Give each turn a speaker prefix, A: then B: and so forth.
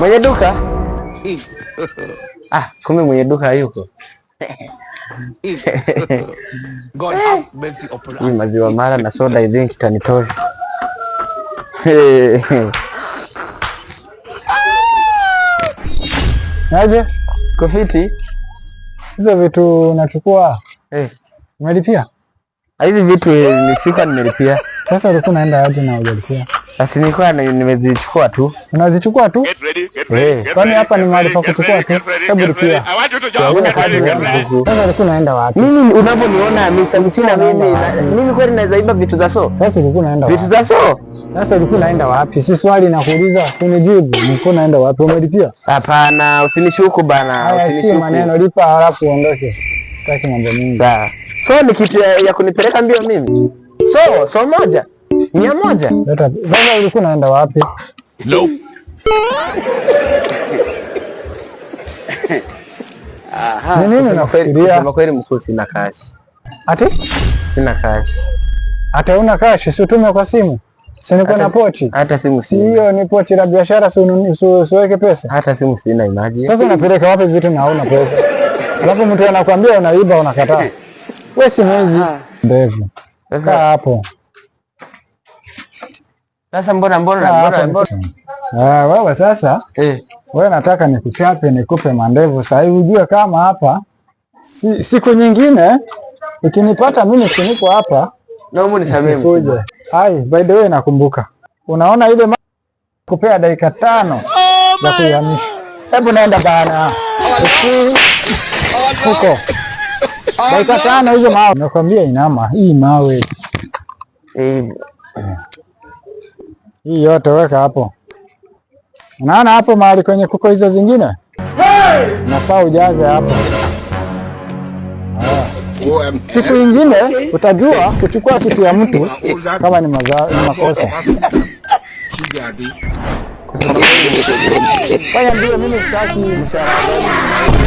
A: Mwenye duka ah, kumbe mwenye duka yuko Hii maziwa mara na soda idhini kitanitosha. Naje kofiti hizo vitu nachukua, eh. umelipia
B: ah, hizi vitu? Eh, Nisika nimelipia.
A: Sasa ulikuwa unaenda aje na hujalipia?
B: Basi nilikuwa nimezichukua tu.
A: Unazichukua tu? Eh, kwani hapa ni mahali pa kuchukua tu. Hebu pia. Sasa ulikuwa unaenda wapi?
B: Mimi unavyoniona Mr. Mchina mimi mimi kweli naweza iba vitu za so.
A: Sasa ulikuwa unaenda wapi?
B: Vitu za so?
A: Sasa ulikuwa unaenda wapi? Si swali nakuuliza, unijibu. Ulikuwa unaenda wapi? Umelipia?
B: Hapana, usinishuku bana.
A: Usinishuku maneno, lipa halafu uondoke. Sitaki mambo mengi.
B: Sawa. So ni kitu ya kunipeleka mbio mimi. So, so moja mia moja.
A: Sasa ulikuwa unaenda wapi? Nope. Aha. nafikiria
B: kwa kweli mkuu, sina kashi. Ati? Sina kashi.
A: Hata una cash, si utume kwa simu. Si niko na pochi.
B: Hata simu sina.
A: Hiyo ni pochi la biashara, si usiweke pesa.
B: Hata simu sina, imagine.
A: Sasa unapeleka wapi vitu na hauna pesa? Alafu mtu anakuambia unaiba, unakataa. Wewe simu hizi ndevu. Kaa hapo.
B: Sasa mbona mbona mbona
A: ah, mbona ah, wewe sasa eh, wewe nataka nikuchape nikupe mandevu sasa hivi, ujue kama hapa si, siku nyingine ukinipata mimi siniko hapa
B: naomba nisamehe.
A: Hai, by the way nakumbuka, unaona ile kupea dakika tano ya kuihamisha. Hebu naenda bana huko dakika tano hizo mawe, nakwambia inama hii mawe
B: eh. eh.
A: Hii yote weka hapo, unaona hapo mahali kwenye kuko hizo zingine hey! ujaze hapo oh, ah. um, siku um, ingine utajua kuchukua kitu ya mtu kama ni makosa. Fanya ndio, mimi sitaki mshahara.